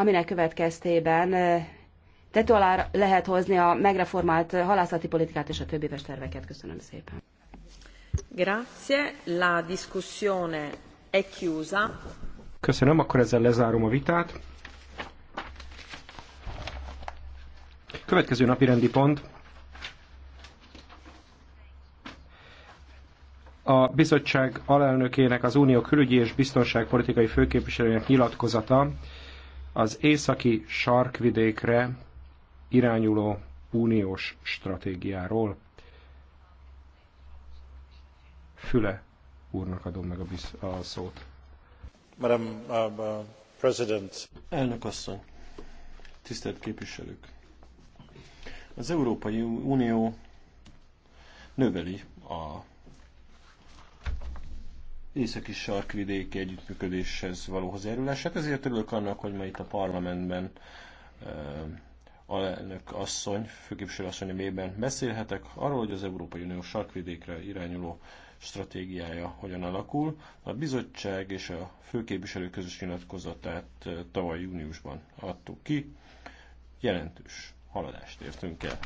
aminek következtében tető alá lehet hozni a megreformált halászati politikát és a többi éves terveket. Köszönöm szépen. Grazie, la discussione è chiusa. Köszönöm, akkor ezzel lezárom a vitát. Következő napi rendi pont. A bizottság alelnökének, az Unió külügyi és biztonságpolitikai főképviselőjének nyilatkozata az északi sarkvidékre irányuló uniós stratégiáról. Füle úrnak adom meg a, biz- a szót. Madam uh, uh President. Elnök asszony, tisztelt képviselők! Az Európai Unió növeli a északi sarkvidéki együttműködéshez való hozzájárulását. Ezért örülök annak, hogy ma itt a parlamentben alelnök asszony, főképviselő asszony mélyben beszélhetek arról, hogy az Európai Unió sarkvidékre irányuló stratégiája hogyan alakul. A bizottság és a főképviselő közös nyilatkozatát tavaly júniusban adtuk ki. Jelentős haladást értünk el.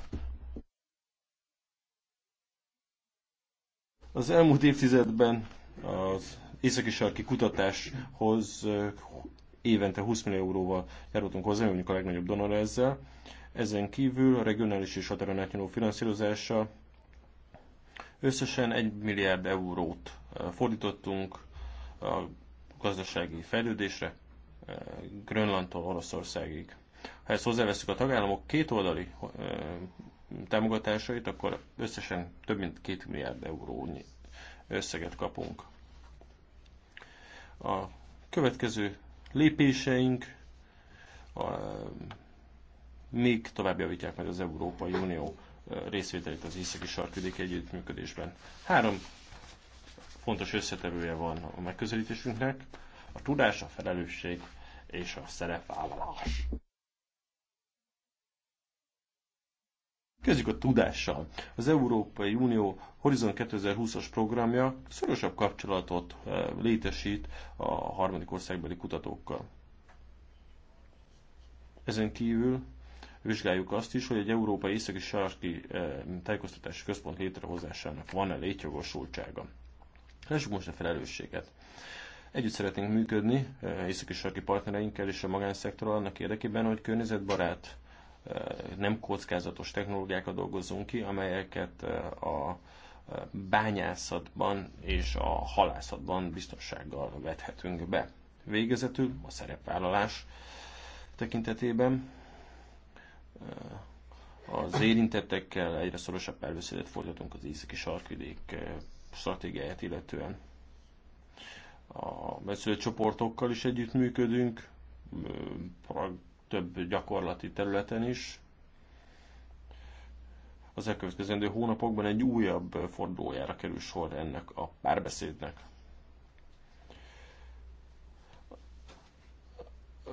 Az elmúlt évtizedben az északi sarki kutatáshoz eh, évente 20 millió euróval járultunk hozzá, mondjuk a legnagyobb donor ezzel. Ezen kívül a regionális és határon átnyúló finanszírozással összesen 1 milliárd eurót eh, fordítottunk a gazdasági fejlődésre eh, Grönlandtól Oroszországig. Ha ezt hozzáveszünk a tagállamok kétoldali támogatásait, akkor összesen több mint 2 milliárd eurónyi összeget kapunk. A következő lépéseink a, még tovább javítják meg az Európai Unió részvételét az északi sarkvidék együttműködésben. Három fontos összetevője van a megközelítésünknek, a tudás, a felelősség és a szerepvállalás. Kezdjük a tudással. Az Európai Unió Horizon 2020-as programja szorosabb kapcsolatot eh, létesít a harmadik országbeli kutatókkal. Ezen kívül vizsgáljuk azt is, hogy egy Európai Északi Sarki eh, Tájékoztatási Központ létrehozásának van-e létjogosultsága. Lássuk most a felelősséget. Együtt szeretnénk működni eh, északi sarki partnereinkkel és a magánszektorral annak érdekében, hogy környezetbarát nem kockázatos technológiákat dolgozzunk ki, amelyeket a bányászatban és a halászatban biztonsággal vethetünk be. Végezetül a szerepvállalás tekintetében az érintettekkel egyre szorosabb párbeszédet folytatunk az északi sarkvidék stratégiáját illetően. A beszélt csoportokkal is együttműködünk, több gyakorlati területen is. Az elkövetkezendő hónapokban egy újabb fordulójára kerül sor ennek a párbeszédnek.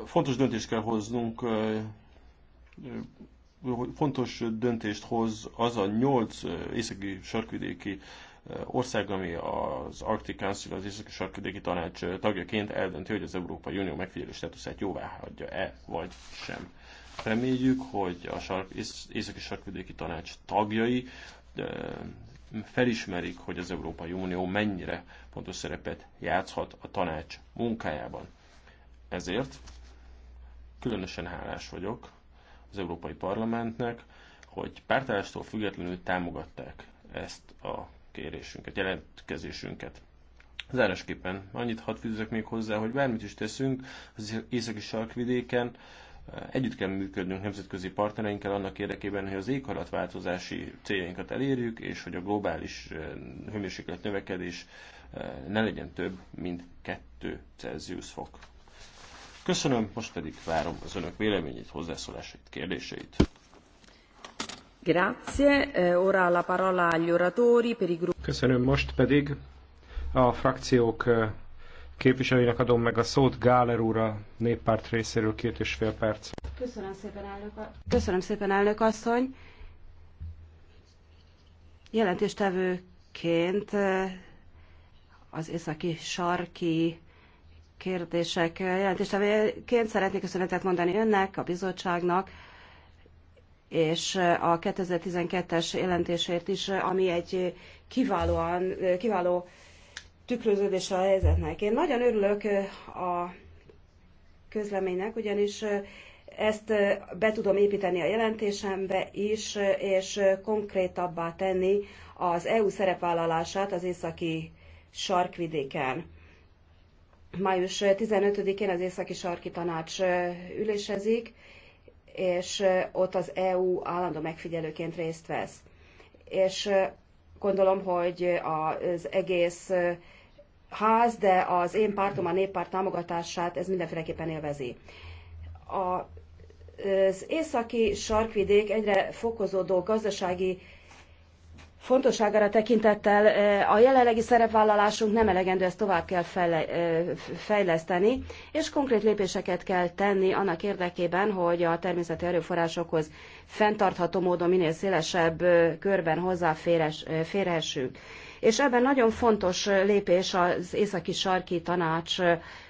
Fontos döntést kell hoznunk, fontos döntést hoz az a nyolc északi sarkvidéki ország, ami az Arctic Council, az északi sarkvidéki tanács tagjaként eldönti, hogy az Európai Unió megfigyelő státuszát jóvá hagyja-e, vagy sem. Reméljük, hogy a sark, északi sarkvidéki tanács tagjai felismerik, hogy az Európai Unió mennyire fontos szerepet játszhat a tanács munkájában. Ezért különösen hálás vagyok az Európai Parlamentnek, hogy pártállástól függetlenül támogatták ezt a kérésünket, jelentkezésünket. Zárásképpen annyit hadd fűzök még hozzá, hogy bármit is teszünk az északi sarkvidéken, együtt kell működnünk nemzetközi partnereinkkel annak érdekében, hogy az éghajlatváltozási céljainkat elérjük, és hogy a globális eh, hőmérséklet növekedés eh, ne legyen több, mint 2 Celsius fok. Köszönöm, most pedig várom az önök véleményét, hozzászólásait, kérdéseit. Köszönöm, most pedig a frakciók eh, képviselőinek adom meg a szót Gáler úr a néppárt részéről két és fél perc. Köszönöm szépen, elnök, Köszönöm szépen, elnök asszony. Jelentéstevőként eh, az északi sarki kérdések eh, jelentéstevőként szeretnék köszönetet mondani önnek, a bizottságnak, és a 2012-es jelentésért is, ami egy kiválóan, kiváló tükröződés a helyzetnek. Én nagyon örülök a közleménynek, ugyanis ezt be tudom építeni a jelentésembe is, és konkrétabbá tenni az EU szerepvállalását az északi sarkvidéken. Május 15-én az északi sarki tanács ülésezik, és ott az EU állandó megfigyelőként részt vesz. És gondolom, hogy az egész ház, de az én pártom, a néppárt támogatását ez mindenféleképpen élvezi. A az északi sarkvidék egyre fokozódó gazdasági fontosságára tekintettel a jelenlegi szerepvállalásunk nem elegendő, ezt tovább kell fejleszteni, és konkrét lépéseket kell tenni annak érdekében, hogy a természeti erőforrásokhoz fenntartható módon minél szélesebb körben hozzáférhessünk. És ebben nagyon fontos lépés az északi sarki tanács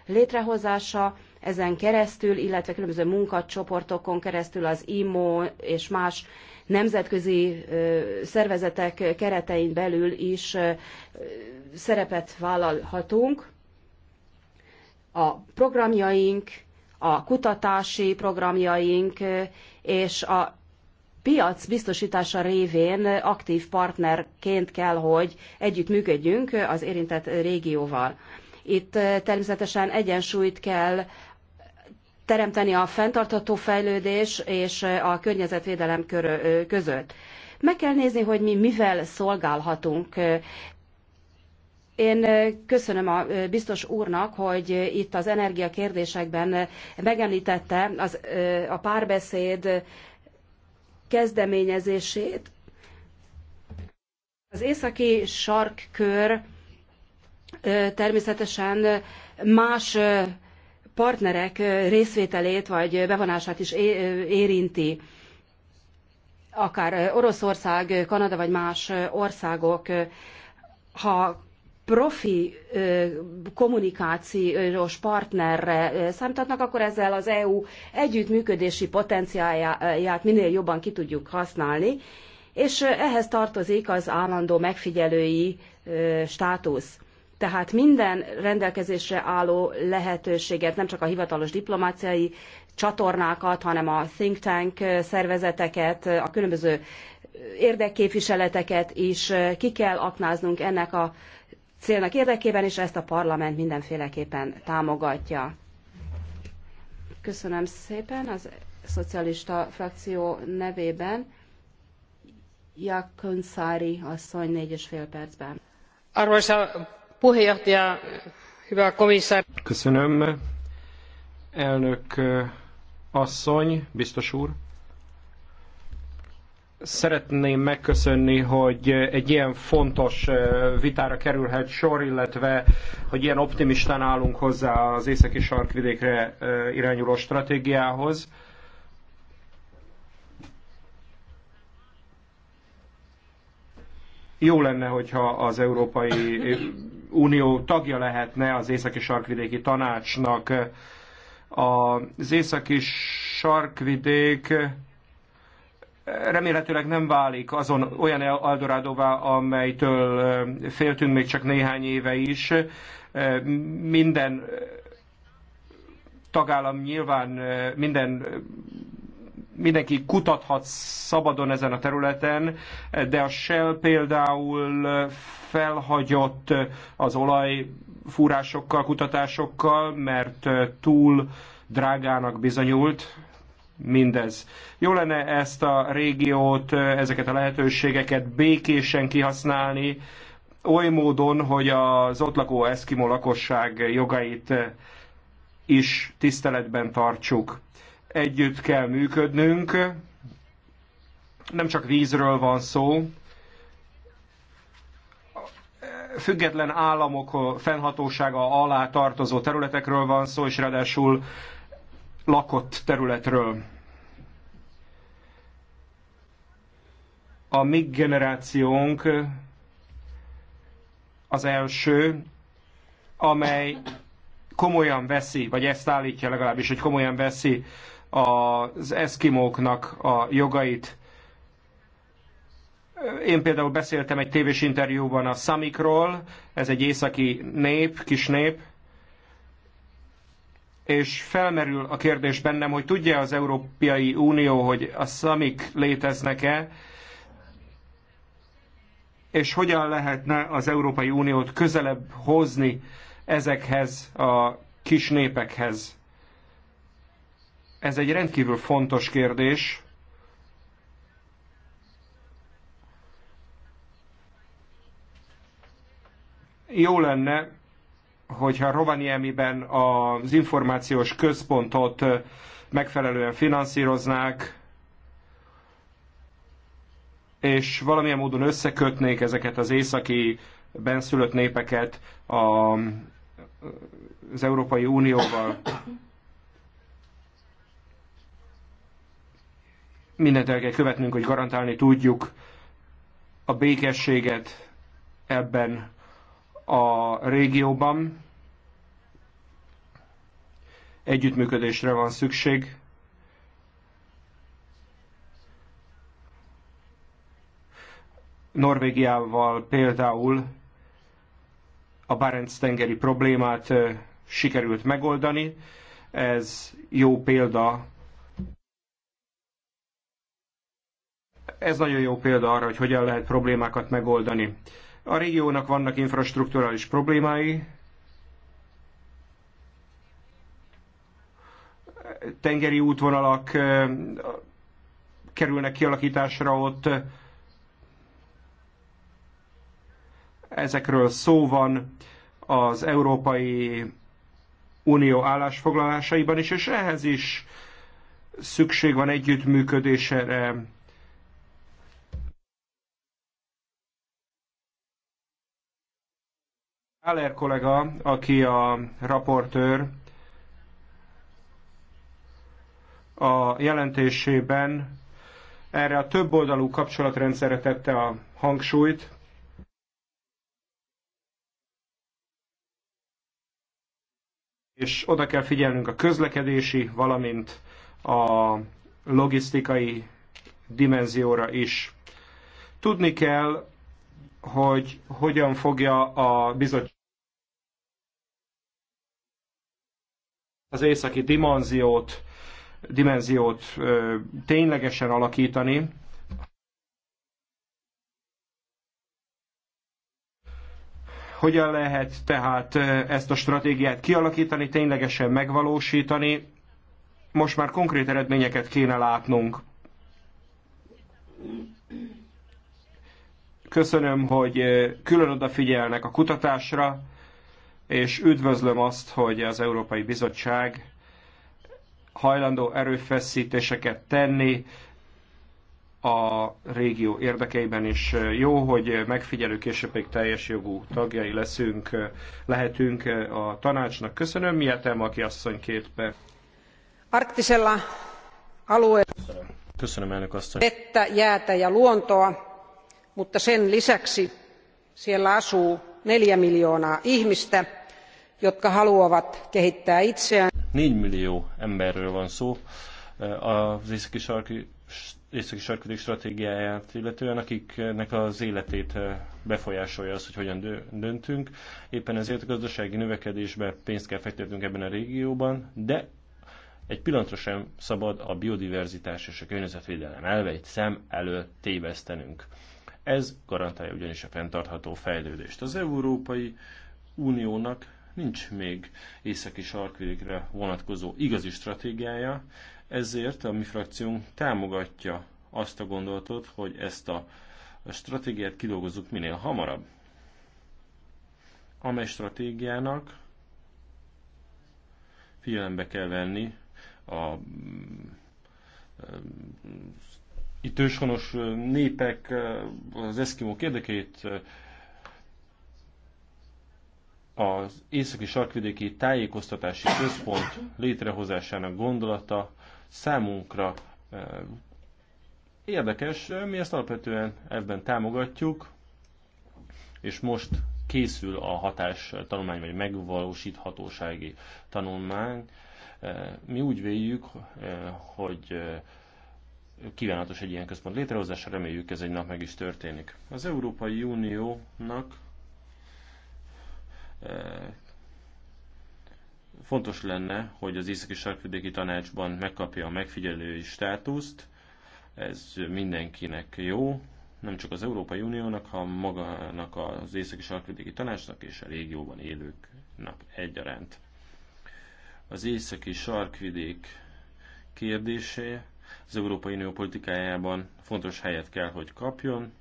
létrehozása, ezen keresztül, illetve különböző munkacsoportokon keresztül az IMO és más nemzetközi szervezetek keretein belül is szerepet vállalhatunk. A programjaink, a kutatási programjaink és a piac biztosítása révén aktív partnerként kell, hogy együttműködjünk az érintett régióval. Itt természetesen egyensúlyt kell teremteni a fenntartható fejlődés és a környezetvédelem között. Meg kell nézni, hogy mi mivel szolgálhatunk. Én köszönöm a biztos úrnak, hogy itt az energiakérdésekben megemlítette az, a párbeszéd kezdeményezését. Az északi sarkkör természetesen más partnerek részvételét vagy bevonását is érinti, akár Oroszország, Kanada vagy más országok. Ha profi kommunikációs partnerre számítatnak, akkor ezzel az EU együttműködési potenciáját minél jobban ki tudjuk használni, és ehhez tartozik az állandó megfigyelői státusz. Tehát minden rendelkezésre álló lehetőséget, nem csak a hivatalos diplomáciai csatornákat, hanem a think tank szervezeteket, a különböző érdekképviseleteket is ki kell aknáznunk ennek a célnak érdekében, és ezt a parlament mindenféleképpen támogatja. Köszönöm szépen az szocialista frakció nevében. Jakkonszári asszony négy és fél percben. Arvoisa Köszönöm. Elnök asszony, biztos úr. Szeretném megköszönni, hogy egy ilyen fontos vitára kerülhet sor, illetve hogy ilyen optimistán állunk hozzá az északi sarkvidékre irányuló stratégiához. Jó lenne, hogyha az európai Unió tagja lehetne az északi sarkvidéki tanácsnak. Az északi sarkvidék remélhetőleg nem válik azon olyan Aldorádóvá, amelytől féltünk még csak néhány éve is. Minden tagállam nyilván, minden mindenki kutathat szabadon ezen a területen, de a Shell például felhagyott az olajfúrásokkal, kutatásokkal, mert túl drágának bizonyult mindez. Jó lenne ezt a régiót, ezeket a lehetőségeket békésen kihasználni, oly módon, hogy az ott lakó eszkimó lakosság jogait is tiszteletben tartsuk együtt kell működnünk. Nem csak vízről van szó. Független államok fennhatósága alá tartozó területekről van szó, és ráadásul lakott területről. A mi generációnk az első, amely komolyan veszi, vagy ezt állítja legalábbis, hogy komolyan veszi az eszkimóknak a jogait. Én például beszéltem egy tévés interjúban a Samikról, ez egy északi nép, kis nép, és felmerül a kérdés bennem, hogy tudja az Európai Unió, hogy a Samik léteznek-e, és hogyan lehetne az Európai Uniót közelebb hozni ezekhez a kis népekhez. Ez egy rendkívül fontos kérdés. Jó lenne, hogyha Rovaniemiben az információs központot megfelelően finanszíroznák, és valamilyen módon összekötnék ezeket az északi benszülött népeket az Európai Unióval. mindent el kell követnünk, hogy garantálni tudjuk a békességet ebben a régióban. Együttműködésre van szükség. Norvégiával például a Barents-tengeri problémát sikerült megoldani. Ez jó példa Ez nagyon jó példa arra, hogy hogyan lehet problémákat megoldani. A régiónak vannak infrastruktúrális problémái, tengeri útvonalak kerülnek kialakításra ott, ezekről szó van az Európai Unió állásfoglalásaiban is, és ehhez is szükség van együttműködésre Haller kollega, aki a raportőr, a jelentésében erre a több oldalú kapcsolatrendszerre tette a hangsúlyt. És oda kell figyelnünk a közlekedési, valamint a logisztikai dimenzióra is. Tudni kell hogy hogyan fogja a bizottság az északi dimenziót, dimenziót ö, ténylegesen alakítani. Hogyan lehet tehát ezt a stratégiát kialakítani, ténylegesen megvalósítani? Most már konkrét eredményeket kéne látnunk. Köszönöm, hogy külön odafigyelnek a kutatásra, és üdvözlöm azt, hogy az Európai Bizottság hajlandó erőfeszítéseket tenni a régió érdekeiben is. Jó, hogy megfigyelő még teljes jogú tagjai leszünk, lehetünk a tanácsnak. Köszönöm, Mietem, aki asszony két perc. Arktisella alue. Köszönöm, elnök asszony. Vette, jäätä ja luontoa mutta sen lisäksi siellä asuu neljä miljoonaa ihmistä jotka haluavat kehittää itseään. Négy millió emberről van szó az északi sarki északi sarkvidék stratégiáját, illetően akiknek az életét befolyásolja az, hogy hogyan döntünk. Éppen ezért a gazdasági növekedésbe pénzt kell fektetnünk ebben a régióban, de egy pillanatra sem szabad a biodiverzitás és a környezetvédelem elveit szem elől tévesztenünk. Ez garantálja ugyanis a fenntartható fejlődést. Az Európai Uniónak nincs még északi sarkvidékre vonatkozó igazi stratégiája, ezért a mi frakciónk támogatja azt a gondolatot, hogy ezt a stratégiát kidolgozzuk minél hamarabb. Amely stratégiának figyelembe kell venni a mm, itt őshonos népek az eszkimók érdekeit az északi sarkvidéki tájékoztatási központ létrehozásának gondolata számunkra érdekes, mi ezt alapvetően ebben támogatjuk, és most készül a hatás tanulmány, vagy megvalósíthatósági tanulmány. Mi úgy véljük, hogy kívánatos egy ilyen központ létrehozása, reméljük ez egy nap meg is történik. Az Európai Uniónak eh, fontos lenne, hogy az északi sarkvidéki tanácsban megkapja a megfigyelői státuszt, ez mindenkinek jó, nem csak az Európai Uniónak, hanem magának az északi sarkvidéki tanácsnak és a régióban élőknek egyaránt. Az északi sarkvidék kérdése az Európai Unió politikájában fontos helyet kell, hogy kapjon.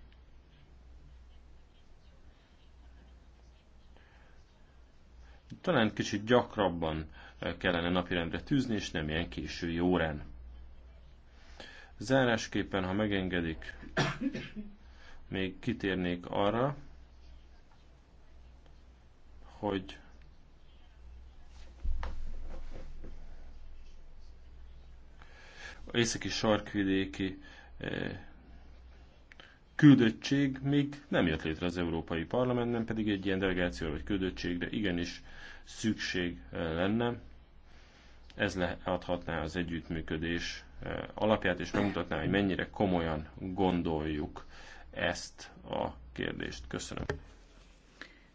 Talán kicsit gyakrabban kellene napirendre tűzni, és nem ilyen késői órán. Zárásképpen, ha megengedik, még kitérnék arra, hogy északi sarkvidéki eh, küldöttség még nem jött létre az Európai Parlamentben, pedig egy ilyen delegáció vagy küldöttségre igenis szükség eh, lenne. Ez leadhatná az együttműködés eh, alapját, és megmutatná, hogy mennyire komolyan gondoljuk ezt a kérdést. Köszönöm.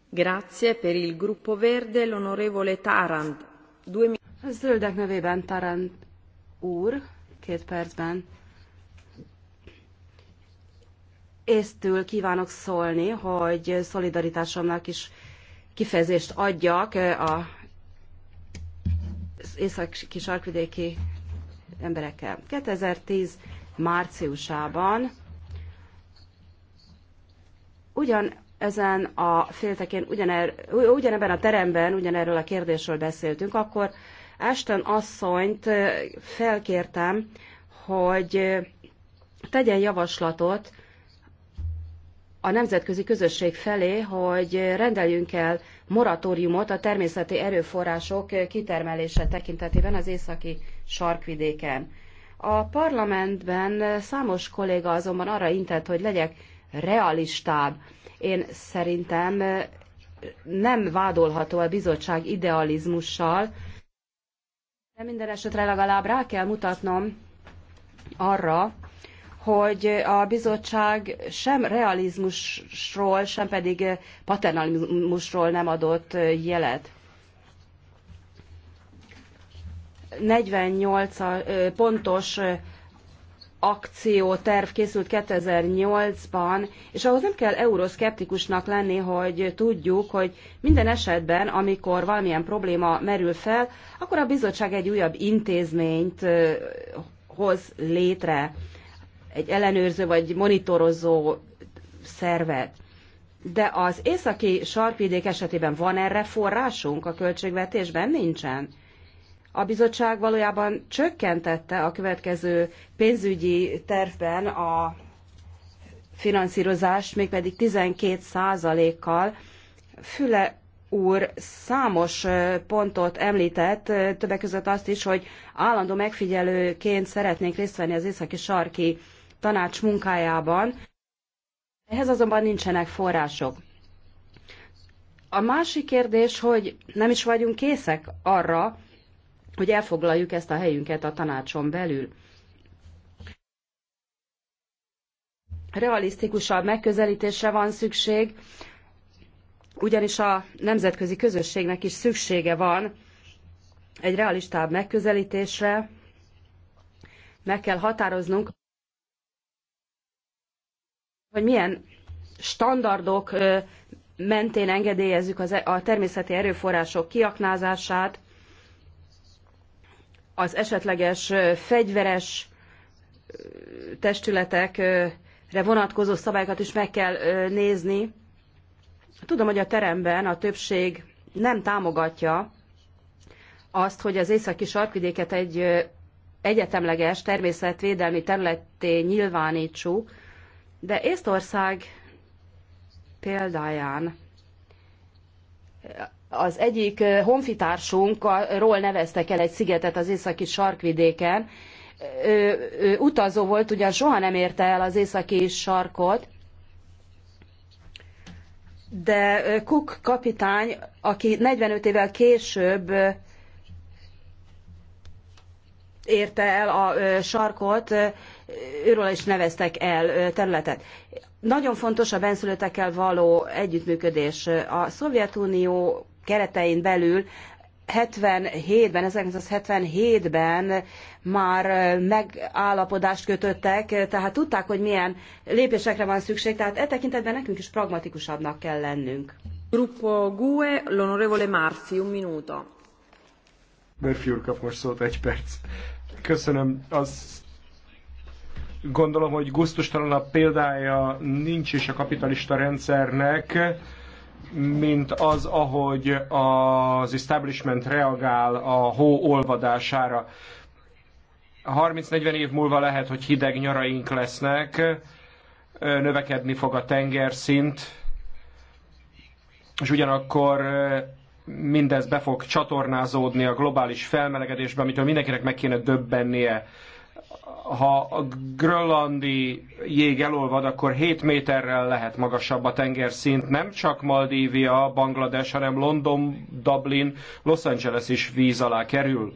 Grazie per il gruppo verde l'onorevole Tarand. Due... A zöldek nevében Tarand úr két percben. Észtül kívánok szólni, hogy szolidaritásomnak is kifejezést adjak a északi sarkvidéki emberekkel. 2010 márciusában ugyan ezen a féltekén, ugyanebben a teremben, ugyanerről a kérdésről beszéltünk, akkor Ashton asszonyt felkértem, hogy tegyen javaslatot a nemzetközi közösség felé, hogy rendeljünk el moratóriumot a természeti erőforrások kitermelése tekintetében az északi sarkvidéken. A parlamentben számos kolléga azonban arra intett, hogy legyek realistább. Én szerintem nem vádolható a bizottság idealizmussal, de minden esetre legalább rá kell mutatnom arra, hogy a bizottság sem realizmusról, sem pedig paternalizmusról nem adott jelet. 48 pontos akcióterv készült 2008-ban, és ahhoz nem kell euroszkeptikusnak lenni, hogy tudjuk, hogy minden esetben, amikor valamilyen probléma merül fel, akkor a bizottság egy újabb intézményt hoz létre, egy ellenőrző vagy monitorozó szervet. De az északi sarkvidék esetében van erre forrásunk a költségvetésben? Nincsen a bizottság valójában csökkentette a következő pénzügyi tervben a finanszírozást, mégpedig 12 százalékkal. Füle úr számos pontot említett, többek között azt is, hogy állandó megfigyelőként szeretnénk részt venni az északi sarki tanács munkájában. Ehhez azonban nincsenek források. A másik kérdés, hogy nem is vagyunk készek arra, hogy elfoglaljuk ezt a helyünket a tanácson belül. Realisztikusabb megközelítésre van szükség, ugyanis a nemzetközi közösségnek is szüksége van egy realistább megközelítésre, meg kell határoznunk, hogy milyen standardok mentén engedélyezzük e- a természeti erőforrások kiaknázását, az esetleges fegyveres testületekre vonatkozó szabályokat is meg kell nézni. Tudom, hogy a teremben a többség nem támogatja azt, hogy az északi sarkvidéket egy egyetemleges természetvédelmi területté nyilvánítsuk, de Észtország példáján az egyik eh, honfitársunkról neveztek el egy szigetet az északi sarkvidéken. Ő, ő utazó volt, ugyan soha nem érte el az északi sarkot, de Cook kapitány, aki 45 évvel később érte el a sarkot, őről is neveztek el területet. Nagyon fontos a benszülöttekkel való együttműködés. A Szovjetunió keretein belül 77-ben, 1977-ben már megállapodást kötöttek, tehát tudták, hogy milyen lépésekre van szükség, tehát e tekintetben nekünk is pragmatikusabbnak kell lennünk. Gruppo GUE, l'onorevole Marci, un minuto. Murphy úr kap most szót, egy perc. Köszönöm, az gondolom, hogy guztustalanabb példája nincs is a kapitalista rendszernek, mint az, ahogy az establishment reagál a hó olvadására. 30-40 év múlva lehet, hogy hideg nyaraink lesznek, növekedni fog a tengerszint, és ugyanakkor mindez be fog csatornázódni a globális felmelegedésbe, amitől mindenkinek meg kéne döbbennie ha a grönlandi jég elolvad, akkor 7 méterrel lehet magasabb a tengerszint. Nem csak Maldívia, Banglades, hanem London, Dublin, Los Angeles is víz alá kerül.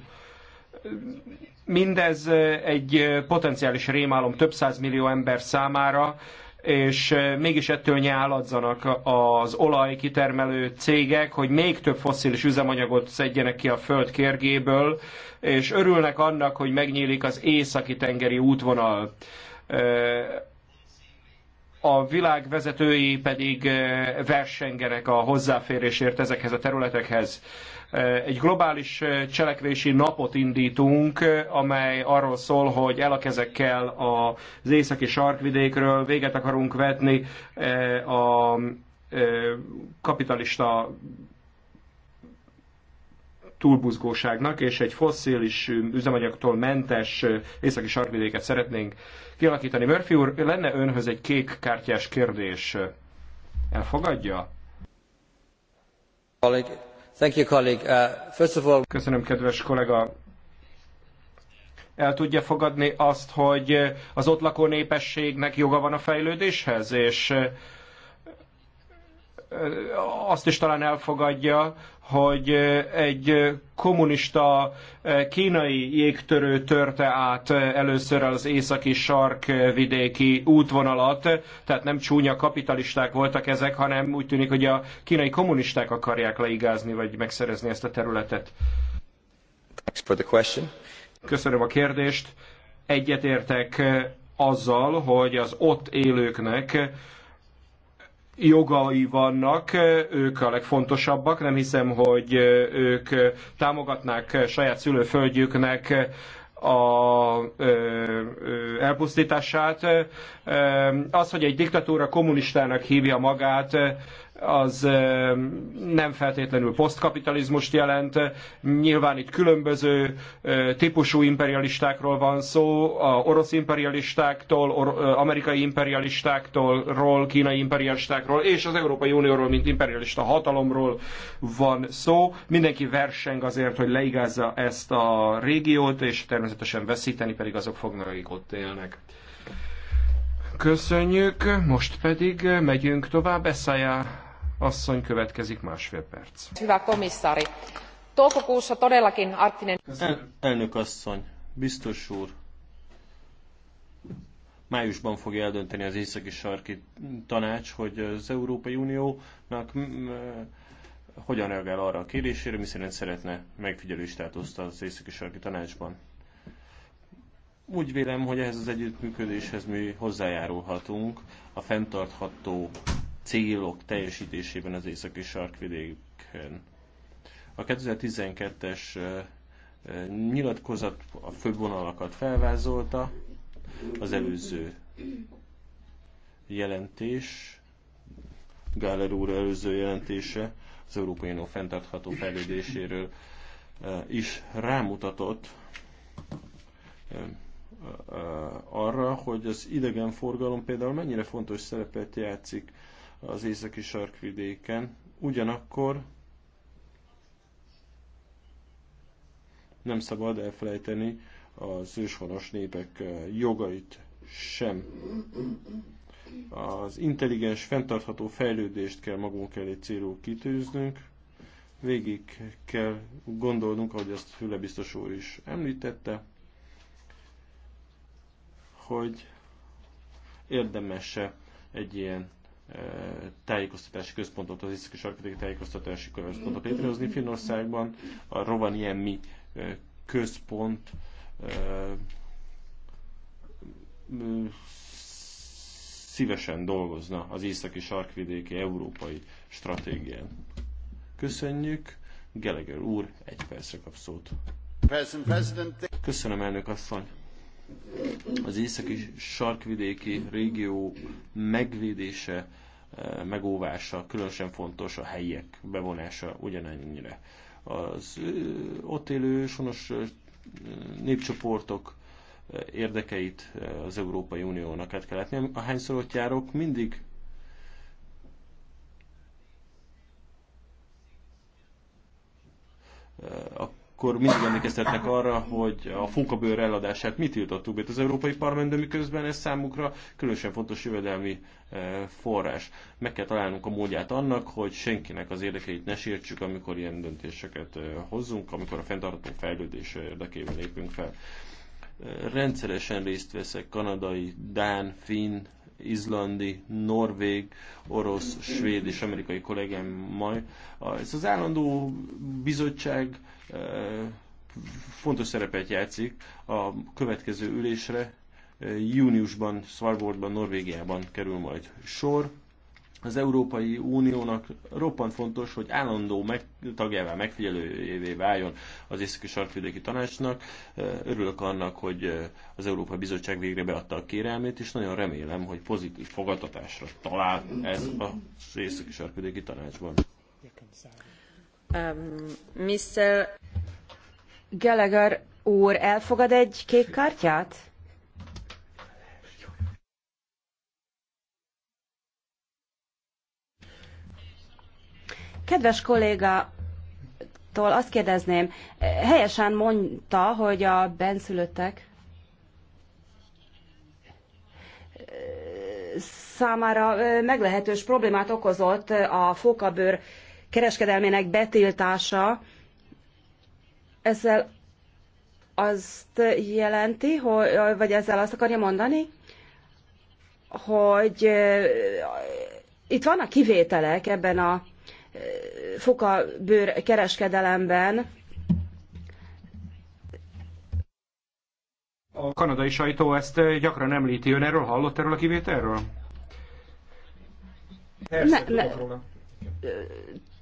Mindez egy potenciális rémálom több száz millió ember számára, és mégis ettől nyáladzanak az olajkitermelő cégek, hogy még több fosszilis üzemanyagot szedjenek ki a föld kérgéből, és örülnek annak, hogy megnyílik az északi tengeri útvonal a világ vezetői pedig eh, versengenek a hozzáférésért ezekhez a területekhez. Eh, egy globális eh, cselekvési napot indítunk, amely arról szól, hogy el a kezekkel az északi sarkvidékről véget akarunk vetni a kapitalista túlbuzgóságnak, és egy fosszilis üzemanyagtól mentes északi sarkvidéket szeretnénk kialakítani. Murphy úr, lenne önhöz egy kék kártyás kérdés. Elfogadja? Thank you, colleague. Uh, first of all... Köszönöm, kedves kollega. El tudja fogadni azt, hogy az ott lakó népességnek joga van a fejlődéshez, és azt is talán elfogadja, hogy egy kommunista kínai jégtörő törte át először az északi sarkvidéki útvonalat, tehát nem csúnya kapitalisták voltak ezek, hanem úgy tűnik, hogy a kínai kommunisták akarják leigázni vagy megszerezni ezt a területet. Köszönöm a kérdést. Egyetértek azzal, hogy az ott élőknek jogai vannak, ők a legfontosabbak. Nem hiszem, hogy ők támogatnák saját szülőföldjüknek a ö, ö, elpusztítását. Az, hogy egy diktatúra kommunistának hívja magát, az nem feltétlenül posztkapitalizmust jelent. Nyilván itt különböző típusú imperialistákról van szó, a orosz imperialistáktól, or- amerikai imperialistáktól, ról, kínai imperialistákról és az Európai Unióról, mint imperialista hatalomról van szó. Mindenki verseng azért, hogy leigázza ezt a régiót, és természetesen veszíteni pedig azok fognak, akik ott élnek. Köszönjük, most pedig megyünk tovább, Eszájá Asszony következik másfél perc. Hyvä komissári. Toukokuussa todellakin arktinen... El, elnök asszony, biztos úr, májusban fogja eldönteni az északi sarki tanács, hogy az Európai Uniónak hogyan reagál arra a kérésére, miszerint szeretne megfigyelő státuszt az északi sarki tanácsban. Úgy vélem, hogy ehhez az együttműködéshez mi hozzájárulhatunk a fenntartható célok teljesítésében az északi sarkvidéken. A 2012-es nyilatkozat a fővonalakat felvázolta, az előző jelentés, Gáler úr előző jelentése az Európai Unió fenntartható fejlődéséről is rámutatott arra, hogy az idegenforgalom például mennyire fontos szerepet játszik az északi sarkvidéken. Ugyanakkor nem szabad elfelejteni az őshonos népek eh, jogait sem. Az intelligens, fenntartható fejlődést kell magunk elé célul kitűznünk, végig kell gondolnunk, ahogy ezt Füle biztos úr is említette, hogy érdemese egy ilyen tájékoztatási központot, az északi sarkvidéki tájékoztatási központot létrehozni Finnországban. A Rovaniemi központ szívesen dolgozna az északi sarkvidéki európai stratégián. Köszönjük. Gallagher úr, egy percre kap szót. Köszönöm, elnök asszony az északi sarkvidéki régió megvédése, eh, megóvása különösen fontos, a helyiek bevonása ugyanennyire. Az eh, ott élő sonos eh, népcsoportok érdekeit az Európai Uniónak át kell látni. Ahányszor ott járok, mindig a akkor mindig emlékeztetnek arra, hogy a fókabőr eladását mit tiltottuk itt az Európai Parlamentben, miközben ez számukra különösen fontos jövedelmi eh, forrás. Meg kell találnunk a módját annak, hogy senkinek az érdekeit ne sértsük, amikor ilyen döntéseket eh, hozzunk, amikor a fenntartó fejlődés érdekében lépünk fel eh, rendszeresen részt veszek kanadai, dán, finn, izlandi, norvég, orosz, svéd és amerikai kollégám majd. Ez az állandó bizottság eh, fontos szerepet játszik a következő ülésre. Eh, júniusban, Svalbardban, Norvégiában kerül majd sor az Európai Uniónak roppant fontos, hogy állandó meg, tagjává, megfigyelőjévé váljon az északi sarkvidéki tanácsnak. Örülök annak, hogy az Európai Bizottság végre beadta a kérelmét, és nagyon remélem, hogy pozitív fogadatásra talál ez az északi sarkvidéki tanácsban. Um, Mr. Gallagher úr elfogad egy kék kártyát? kedves kolléga, Tól azt kérdezném, helyesen mondta, hogy a benszülöttek számára meglehetős problémát okozott a fókabőr kereskedelmének betiltása. Ezzel azt jelenti, hogy, vagy ezzel azt akarja mondani, hogy itt vannak kivételek ebben a fokabőr kereskedelemben. A kanadai sajtó ezt gyakran említi. Ön erről hallott erről a kivételről? Persze, ne, tudok, ne, róla.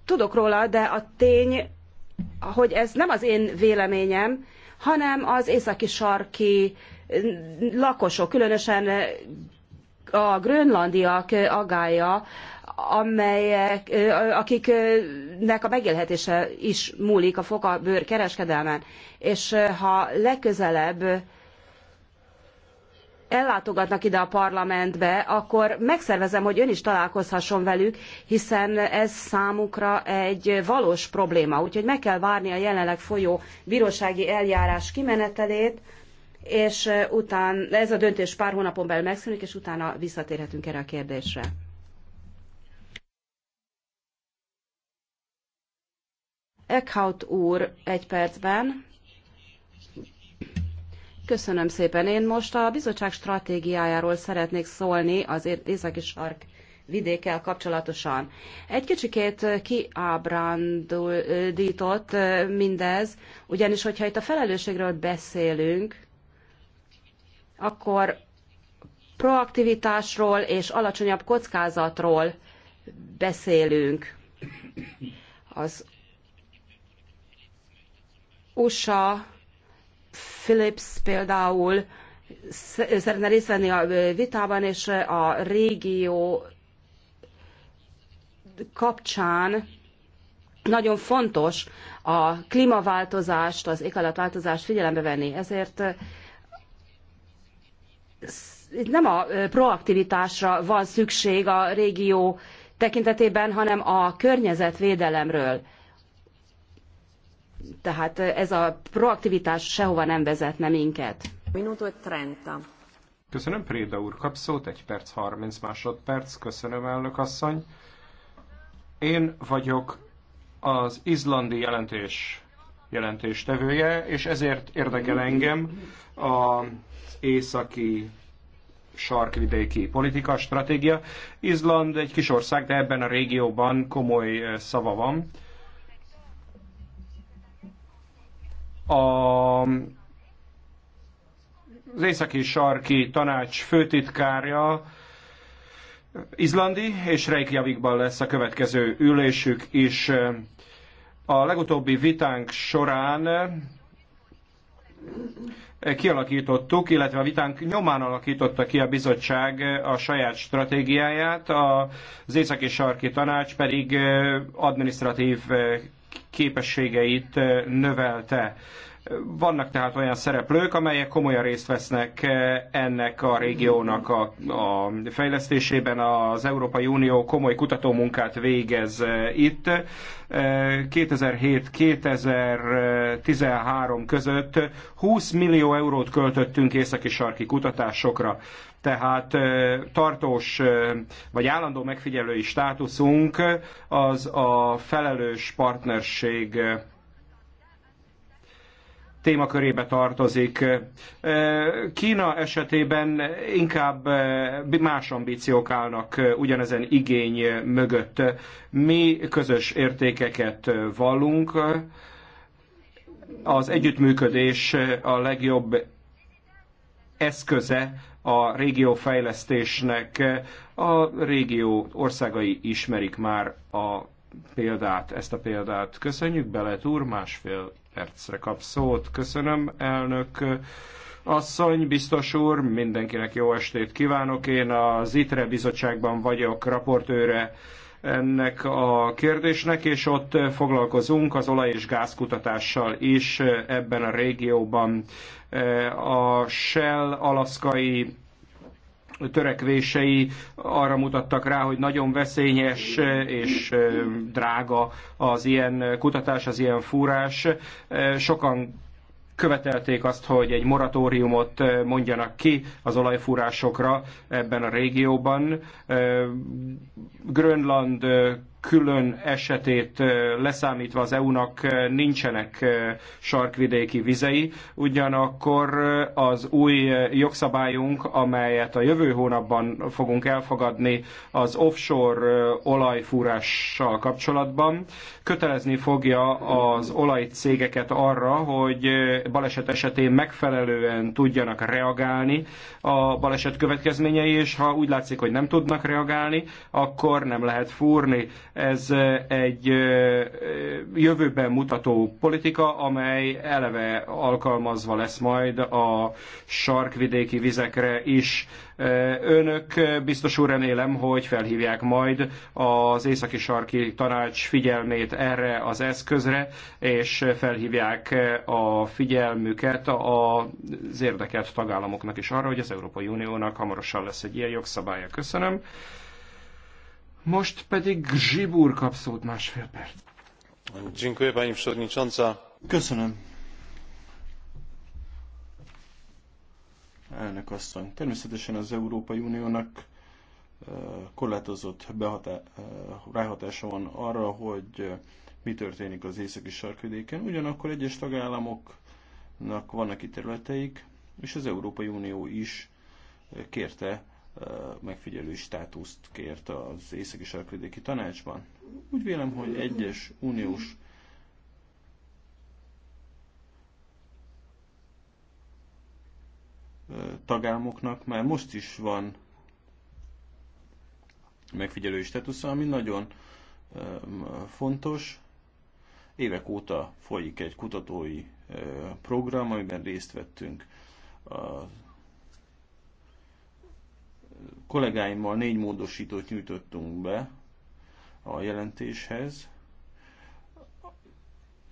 tudok róla, de a tény, hogy ez nem az én véleményem, hanem az északi sarki lakosok, különösen a grönlandiak aggája amelyek, akiknek a megélhetése is múlik a fokabőr kereskedelmen. És ha legközelebb ellátogatnak ide a parlamentbe, akkor megszervezem, hogy ön is találkozhasson velük, hiszen ez számukra egy valós probléma. Úgyhogy meg kell várni a jelenleg folyó bírósági eljárás kimenetelét, és után ez a döntés pár hónapon belül megszűnik, és utána visszatérhetünk erre a kérdésre. Eckhout úr egy percben. Köszönöm szépen. Én most a bizottság stratégiájáról szeretnék szólni az északi sark vidékkel kapcsolatosan. Egy kicsikét kiábrándított mindez, ugyanis hogyha itt a felelősségről beszélünk, akkor proaktivitásról és alacsonyabb kockázatról beszélünk. Az USA, Philips például szeretne részt venni a vitában, és a régió kapcsán nagyon fontos a klímaváltozást, az éghajlatváltozást figyelembe venni. Ezért nem a proaktivitásra van szükség a régió tekintetében, hanem a környezetvédelemről tehát ez a proaktivitás sehova nem vezetne minket. Minuto 30. E köszönöm, Préda úr, kap szót, egy perc, 30 másodperc, köszönöm, elnök asszony. Én vagyok az izlandi jelentés jelentéstevője, és ezért érdekel engem az északi sarkvidéki politika, stratégia. Izland egy kis ország, de ebben a régióban komoly szava van a, az északi sarki tanács főtitkárja izlandi, és Reykjavikban lesz a következő ülésük is. A legutóbbi vitánk során kialakítottuk, illetve a vitánk nyomán alakította ki a bizottság a saját stratégiáját, az északi sarki tanács pedig eh, administratív eh, képességeit növelte. Vannak tehát olyan szereplők, amelyek komolyan részt vesznek eh, ennek a régiónak a, a fejlesztésében. Az Európai Unió komoly kutatómunkát végez eh, itt. 2007-2013 eh, között 20 millió eurót költöttünk északi sarki kutatásokra tehát tartós vagy állandó megfigyelői státuszunk az a felelős partnerség témakörébe tartozik. Kína esetében inkább más ambíciók állnak ugyanezen igény mögött. Mi közös értékeket vallunk, az együttműködés a legjobb eszköze a régió fejlesztésnek. A régió országai ismerik már a példát, ezt a példát. Köszönjük bele, úr, másfél percre kap szót. Köszönöm, elnök asszony, biztos úr, mindenkinek jó estét kívánok. Én az ITRE bizottságban vagyok raportőre ennek a kérdésnek, és ott foglalkozunk az olaj- és gázkutatással is ebben a régióban. A Shell alaszkai törekvései arra mutattak rá, hogy nagyon veszélyes és drága az ilyen kutatás, az ilyen fúrás. Sokan követelték azt, hogy egy moratóriumot mondjanak ki az olajfúrásokra ebben a régióban. Grönland külön esetét leszámítva az EU-nak nincsenek sarkvidéki vizei, ugyanakkor az új jogszabályunk, amelyet a jövő hónapban fogunk elfogadni az offshore olajfúrással kapcsolatban, kötelezni fogja az olajcégeket arra, hogy baleset esetén megfelelően tudjanak reagálni a baleset következményei, és ha úgy látszik, hogy nem tudnak reagálni, akkor nem lehet fúrni ez egy jövőben mutató politika, amely eleve alkalmazva lesz majd a sarkvidéki vizekre is. Önök biztos úr remélem, hogy felhívják majd az északi sarki tanács figyelmét erre az eszközre, és felhívják a figyelmüket az érdekelt tagállamoknak is arra, hogy az Európai Uniónak hamarosan lesz egy ilyen jogszabálya. Köszönöm. Most pedig Zsibúr kap szót másfél perc. Dziękuję, pani przewodnicząca. Köszönöm. Elnök asszony, természetesen az Európai Uniónak e, korlátozott behatá- e, ráhatása van arra, hogy mi történik az északi sarkvidéken, ugyanakkor egyes tagállamoknak vannak itt területeik, és az Európai Unió is kérte megfigyelő státuszt kért az északi sarkvidéki tanácsban. Úgy vélem, hogy egyes uniós tagámoknak már most is van megfigyelői státusz, ami nagyon fontos. Évek óta folyik egy kutatói program, amiben részt vettünk az kollégáimmal négy módosítót nyújtottunk be a jelentéshez,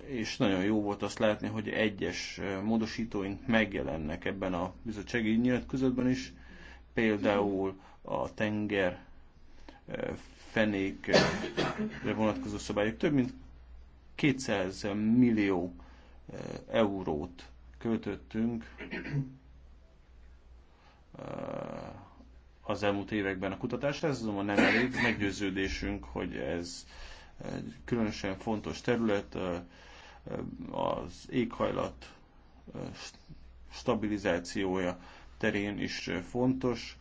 és nagyon jó volt azt látni, hogy egyes módosítóink megjelennek ebben a bizottsági nyilatkozatban is, például a tenger fenékre vonatkozó szabályok több mint 200 millió eurót költöttünk az elmúlt években a kutatásra, ez azonban nem elég, meggyőződésünk, hogy ez egy különösen fontos terület, az éghajlat stabilizációja terén is fontos,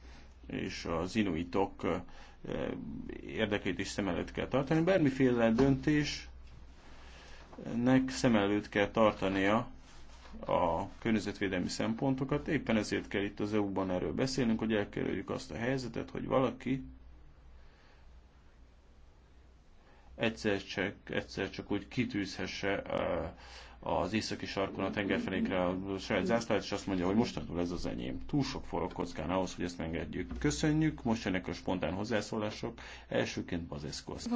és az inuitok érdekét is szem előtt kell tartani. Bármiféle döntésnek szem előtt kell tartania a környezetvédelmi szempontokat. Éppen ezért kell itt az EU-ban erről beszélnünk, hogy elkerüljük azt a helyzetet, hogy valaki egyszer csak, egyszer csak úgy kitűzhesse eh, az északi sarkon a tengerfenékre a saját zászlát, és azt mondja, hogy mostantól ez az enyém. Túl sok forog kockán ahhoz, hogy ezt engedjük. Köszönjük, most jönnek a spontán hozzászólások, elsőként az eszköz.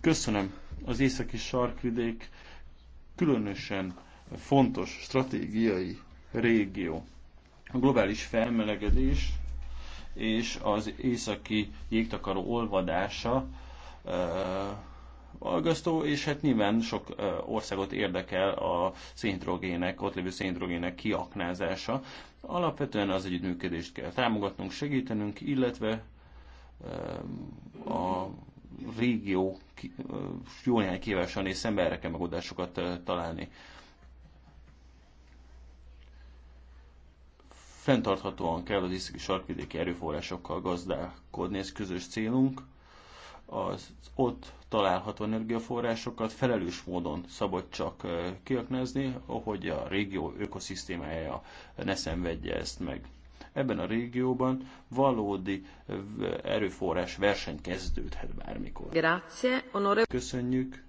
Köszönöm. Az északi sarkvidék különösen fontos stratégiai régió. A globális felmelegedés és az északi jégtakaró olvadása aggasztó, és hát nyilván sok országot érdekel a szénhidrogének, ott lévő szénhidrogének kiaknázása. Alapvetően az együttműködést kell támogatnunk, segítenünk, illetve a régió jó néhány kívással néz szembe, erre kell megoldásokat találni. Fentarthatóan kell az északi sarkvidéki erőforrásokkal gazdálkodni, ez közös célunk az ott található energiaforrásokat felelős módon szabad csak kiaknázni, ahogy a régió ökoszisztémája ne szenvedje ezt meg. Ebben a régióban valódi erőforrás verseny kezdődhet bármikor. Grazie, onore. Köszönjük.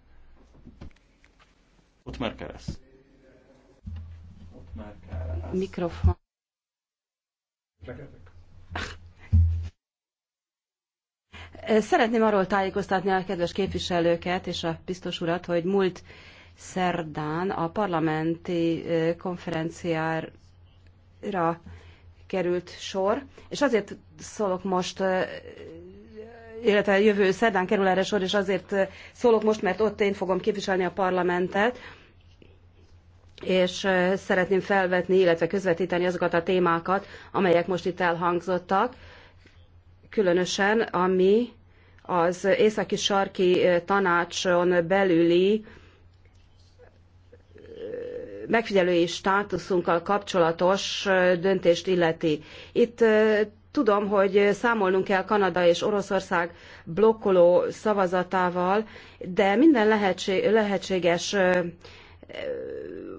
Ott már keresz. Ott már Mikrofon. Fekete. Szeretném arról tájékoztatni a kedves képviselőket és a biztos urat, hogy múlt szerdán a parlamenti konferenciára került sor, és azért szólok most, illetve jövő szerdán kerül erre sor, és azért szólok most, mert ott én fogom képviselni a parlamentet, és szeretném felvetni, illetve közvetíteni azokat a témákat, amelyek most itt elhangzottak különösen ami az északi sarki eh, tanácson belüli eh, megfigyelői státuszunkkal kapcsolatos eh, döntést illeti. Itt tudom, hogy számolnunk kell Kanada és Oroszország blokkoló szavazatával, de minden lehetséges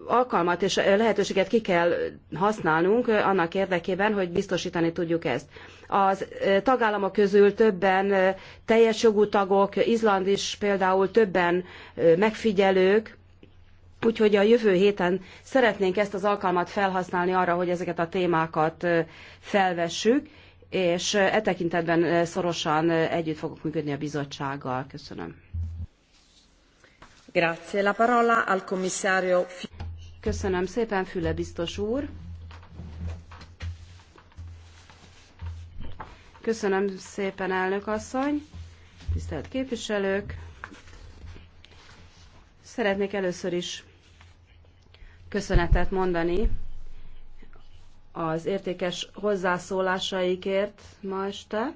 alkalmat és lehetőséget ki kell használnunk annak érdekében, hogy biztosítani tudjuk ezt. Az tagállamok közül többen teljes jogú tagok, Izland is például többen megfigyelők, Úgyhogy a jövő héten szeretnénk ezt az alkalmat felhasználni arra, hogy ezeket a témákat felvessük, és e tekintetben szorosan együtt fogok működni a bizottsággal. Köszönöm. Köszönöm szépen, Füle biztos úr. Köszönöm szépen, elnök asszony, tisztelt képviselők. Szeretnék először is köszönetet mondani az értékes hozzászólásaikért ma este.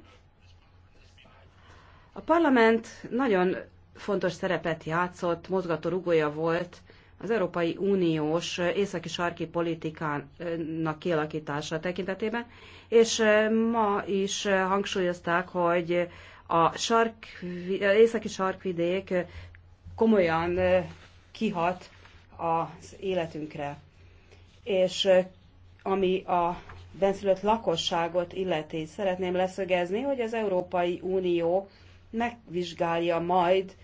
A parlament nagyon fontos szerepet játszott, mozgató rugója volt az Európai Uniós északi sarki politikának kialakítása tekintetében, és ma is hangsúlyozták, hogy a sark, északi sarkvidék komolyan kihat az életünkre. És ami a benszülött lakosságot illeti, szeretném leszögezni, hogy az Európai Unió megvizsgálja majd,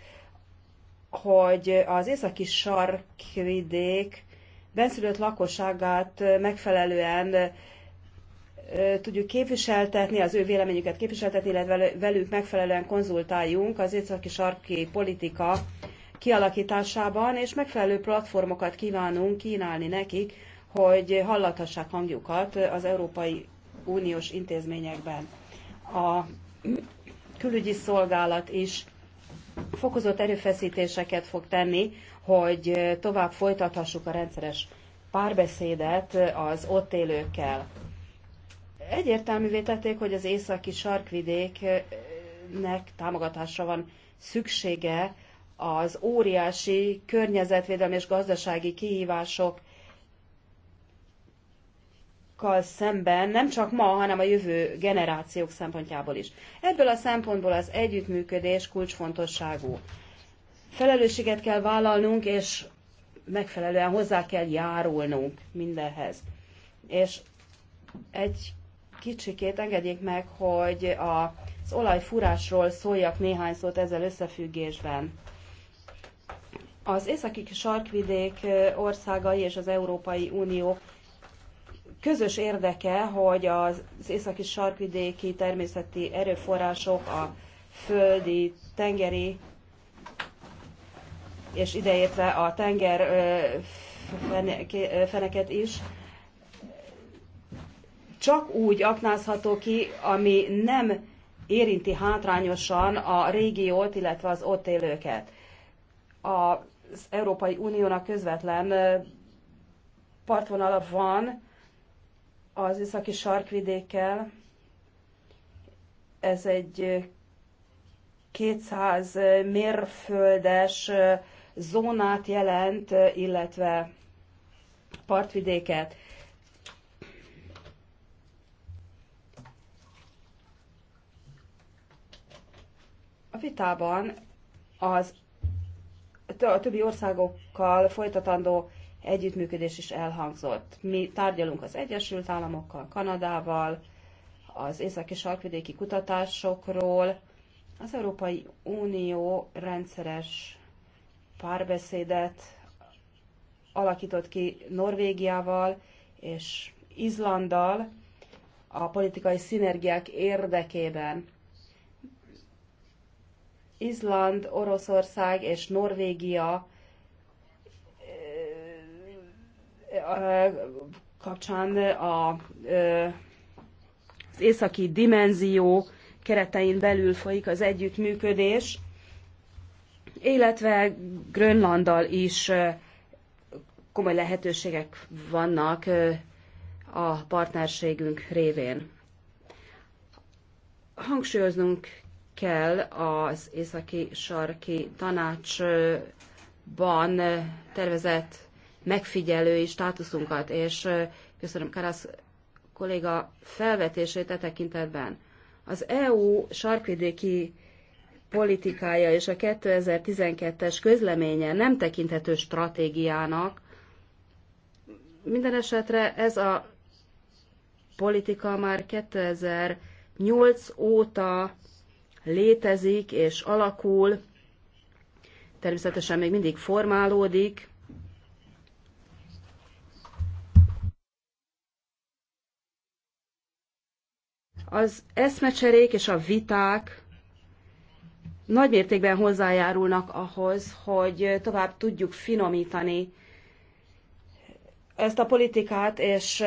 hogy az északi sarkvidék benszülött lakosságát megfelelően tudjuk képviseltetni, az ő véleményüket képviseltetni, illetve velük megfelelően konzultáljunk az északi sarki politika kialakításában, és megfelelő platformokat kívánunk kínálni nekik, hogy hallathassák hangjukat az Európai Uniós intézményekben. A külügyi szolgálat is fokozott erőfeszítéseket fog tenni, hogy tovább folytathassuk a rendszeres párbeszédet az ott élőkkel. Egyértelművé tették, hogy az északi sarkvidéknek támogatásra van szüksége az óriási környezetvédelmi és gazdasági kihívások kal szemben, nem csak ma, hanem a jövő generációk szempontjából is. Ebből a szempontból az együttműködés kulcsfontosságú. Felelősséget kell vállalnunk, és megfelelően hozzá kell járulnunk mindenhez. És egy kicsikét engedjék meg, hogy az olajfúrásról szóljak néhány szót ezzel összefüggésben. Az északi sarkvidék országai és az Európai Unió közös érdeke, hogy az északi sarkvidéki természeti erőforrások, a földi, tengeri és ideértve a tenger feneket is, csak úgy aknázható ki, ami nem érinti hátrányosan a régiót, illetve az ott élőket. Az Európai Uniónak közvetlen partvonala van, az északi sarkvidékkel. Ez egy 200 mérföldes zónát jelent, illetve partvidéket. A vitában az a többi országokkal folytatandó együttműködés is elhangzott. Mi tárgyalunk az Egyesült Államokkal, Kanadával, az északi sarkvidéki kutatásokról. Az Európai Unió rendszeres párbeszédet alakított ki Norvégiával és Izlanddal a politikai szinergiák érdekében. Izland, Oroszország és Norvégia kapcsán a, az északi dimenzió keretein belül folyik az együttműködés, illetve Grönlanddal is komoly lehetőségek vannak a partnerségünk révén. Hangsúlyoznunk kell az északi sarki tanácsban tervezett megfigyelői státuszunkat, és köszönöm Karasz kolléga felvetését e tekintetben. Az EU sarkvidéki politikája és a 2012-es közleménye nem tekinthető stratégiának. Minden esetre ez a politika már 2008 óta létezik és alakul, természetesen még mindig formálódik, Az eszmecserék és a viták nagy mértékben hozzájárulnak ahhoz, hogy tovább tudjuk finomítani ezt a politikát, és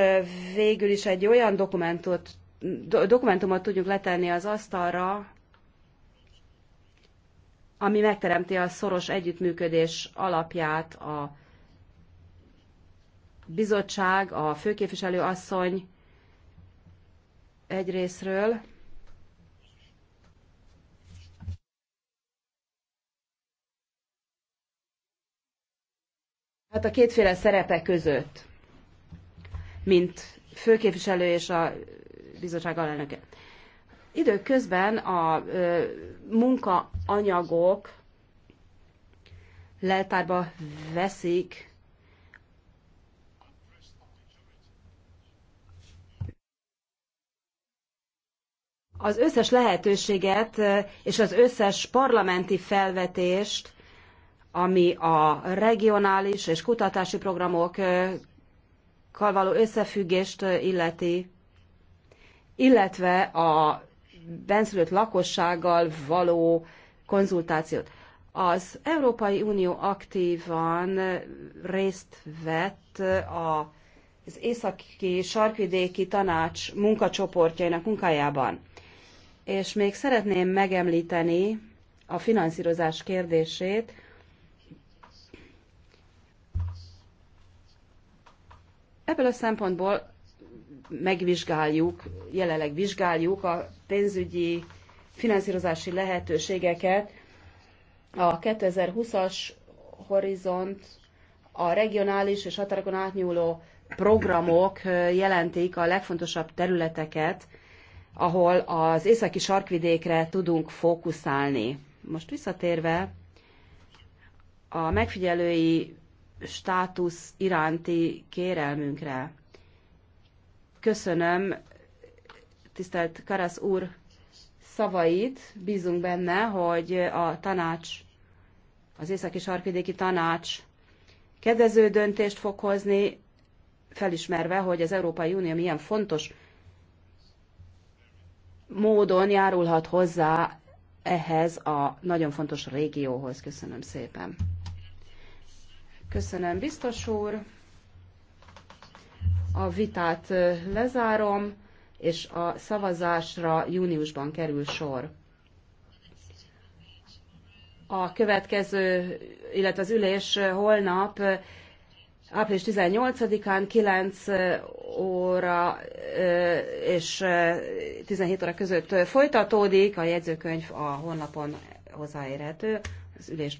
végül is egy olyan dokumentumot, dokumentumot tudjuk letenni az asztalra, ami megteremti a szoros együttműködés alapját a bizottság, a főképviselő asszony egyrésztről. Hát a kétféle szerepe között, mint főképviselő és a bizottság alelnöke. Időközben a munkaanyagok leltárba veszik az összes lehetőséget és az összes parlamenti felvetést, ami a regionális és kutatási programokkal való összefüggést illeti, illetve a benszülött lakossággal való konzultációt. Az Európai Unió aktívan részt vett a az északi sarkvidéki tanács munkacsoportjainak munkájában. És még szeretném megemlíteni a finanszírozás kérdését. Ebből a szempontból megvizsgáljuk, jelenleg vizsgáljuk a pénzügyi finanszírozási lehetőségeket a 2020-as horizont, a regionális és határokon átnyúló programok jelentik a legfontosabb területeket, ahol az északi sarkvidékre tudunk fókuszálni. Most visszatérve a megfigyelői státusz iránti kérelmünkre. Köszönöm, tisztelt Karasz úr szavait, bízunk benne, hogy a tanács, az északi sarkvidéki tanács kedvező döntést fog hozni, felismerve, hogy az Európai Unió milyen fontos módon járulhat hozzá ehhez a nagyon fontos régióhoz. Köszönöm szépen. Köszönöm, biztos úr. A vitát lezárom, és a szavazásra júniusban kerül sor. A következő, illetve az ülés holnap április 18-án 9 óra és 17 óra között folytatódik, a jegyzőkönyv a honlapon hozzáérhető, az ülés